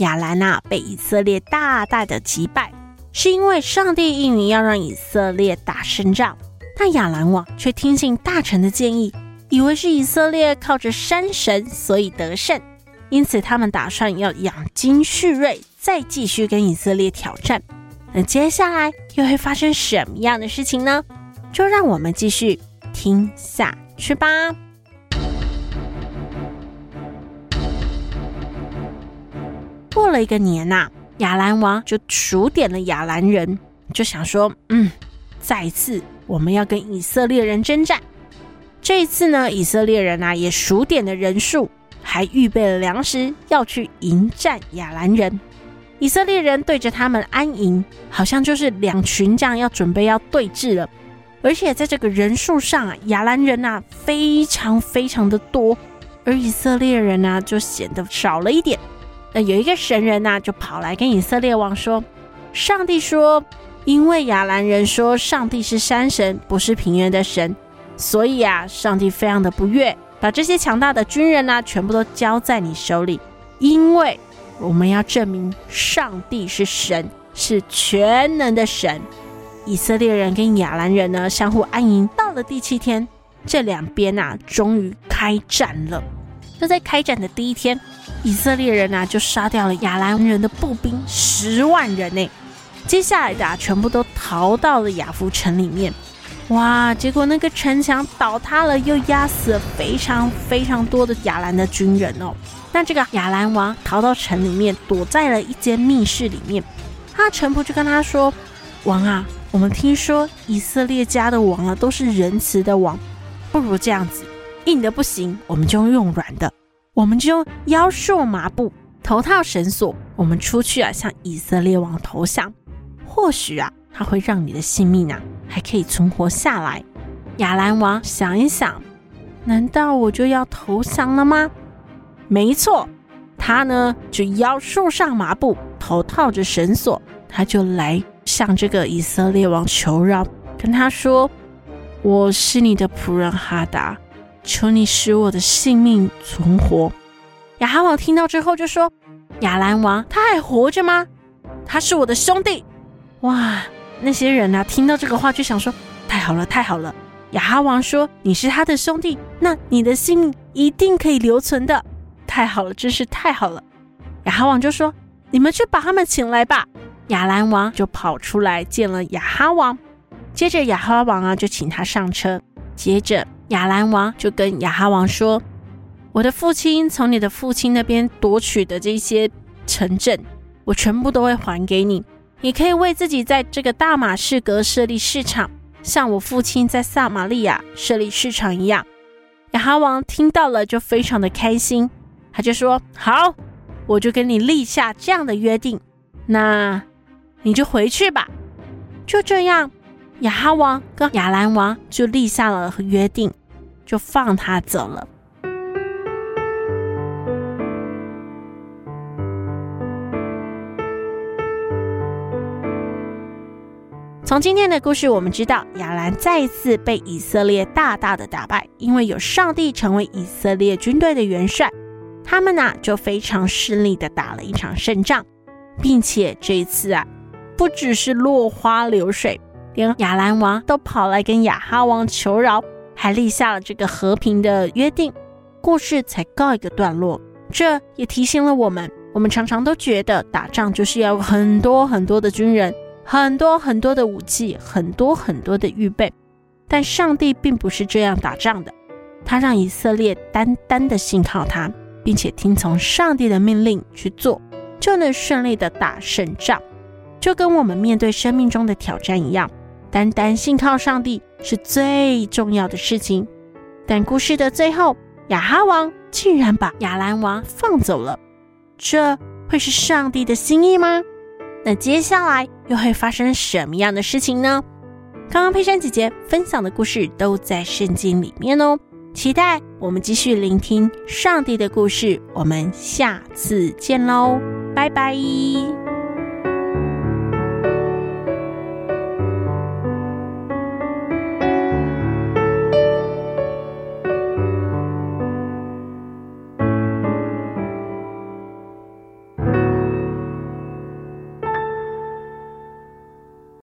亞蘭吶，被以色列大大的擊敗，是因為上帝應允要讓以色列打勝仗。但亞蘭王卻聽信大臣的建議，以為是以色列靠着山神，所以得勝，因此他們打算要養精蓄銳，再繼續跟以色列挑戰。那接下來又會發生什麼樣的事情呢？就讓我們繼續聽下去吧。過了一個年吶，亞蘭王就數點了亞蘭人，就想說，嗯，再一次我們要跟以色列人征戰。這一次呢，以色列人吶，也數點了人數，還預備了糧食要去迎戰亞蘭人。以色列人對着他們安營，好像就是兩群這樣要準備要對峙了。而且在這個人數上啊，亞蘭人啊非常非常的多，而以色列人呢，就顯得少了一點。那有一個神人吶、啊，就跑來跟以色列王說：“上帝說，因為亞蘭人說上帝是山神，不是平原的神，所以啊，上帝非常的不悅，把這些強大的軍人、啊、全部都交在你手裡，因為我們要證明上帝是神，是全能的神。”以色列人跟亞蘭人呢，相互安營，到了第七天，這兩邊吶、啊，終於開戰了。就在開戰的第一天。以色列人吶、啊，就殺掉了亞蘭人的步兵十萬人呢、欸。接下來的、啊、全部都逃到了亞弗城裡面。哇！結果那個城牆倒塌了，又壓死了非常非常多的亞蘭的軍人哦。那這個亞蘭王逃到城裡面，躲在了一間密室裡面。他的臣僕就跟他說：“王啊，我們聽說以色列家的王啊，都是仁慈的王，不如這樣子，硬的不行，我們就用軟的。”我們就用腰束麻布，頭套繩索，我們出去啊，向以色列王投降，或許啊，他會讓你的性命啊，還可以存活下來。亞蘭王想一想，難道我就要投降了嗎？沒錯，他呢就腰束上麻布，頭套着繩索，他就來向這個以色列王求饒，跟他說：“我是你的僕人哈達。”求你使我的性命存活。亞哈王聽到之後就說：“亞蘭王，他還活着嗎？他是我的兄弟。”哇！那些人呢、啊，聽到這個話就想說：“太好了，太好了！”亞哈王說：“你是他的兄弟，那你的性命一定可以留存的。”太好了，真是太好了！亞哈王就說：“你們去把他們請來吧。”亞蘭王就跑出來見了亞哈王，接着亞哈王啊就請他上車，接着。亞蘭王就跟亞哈王說：“我的父親從你的父親那邊奪取的這些城鎮，我全部都會還給你。你可以為自己在這個大馬士革設立市場，像我父親在薩瑪利亞設立市場一樣。”亞哈王聽到了，就非常的開心，他就說：“好，我就跟你立下這樣的約定，那你就回去吧。”就這樣。亞哈王跟亞蘭王就立下了約定，就放他走了。從今天的故事，我們知道亞蘭再一次被以色列大大的打敗，因為有上帝成為以色列軍隊的元帥，他們吶就非常順利的打了一場勝仗，並且這一次啊，不只是落花流水，連亞蘭王都跑來跟亞哈王求饒，還立下了這個和平的約定，故事才告一個段落。這也提醒了我們：我們常常都覺得打仗就是要有很多很多的軍人、很多很多的武器、很多很多的預備，但上帝並不是這樣打仗的。他讓以色列單單的信靠他，並且聽從上帝的命令去做，就能順利的打勝仗。就跟我們面對生命中的挑戰一樣。單單信靠上帝是最重要的事情，但故事的最後，亞哈王竟然把亞蘭王放走了，這會是上帝的心意嗎？那接下來又會發生什麼樣的事情呢？剛剛佩珊姐姐分享的故事都在聖經裡面哦，期待我們繼續聆聽上帝的故事，我們下次見嘍，拜拜。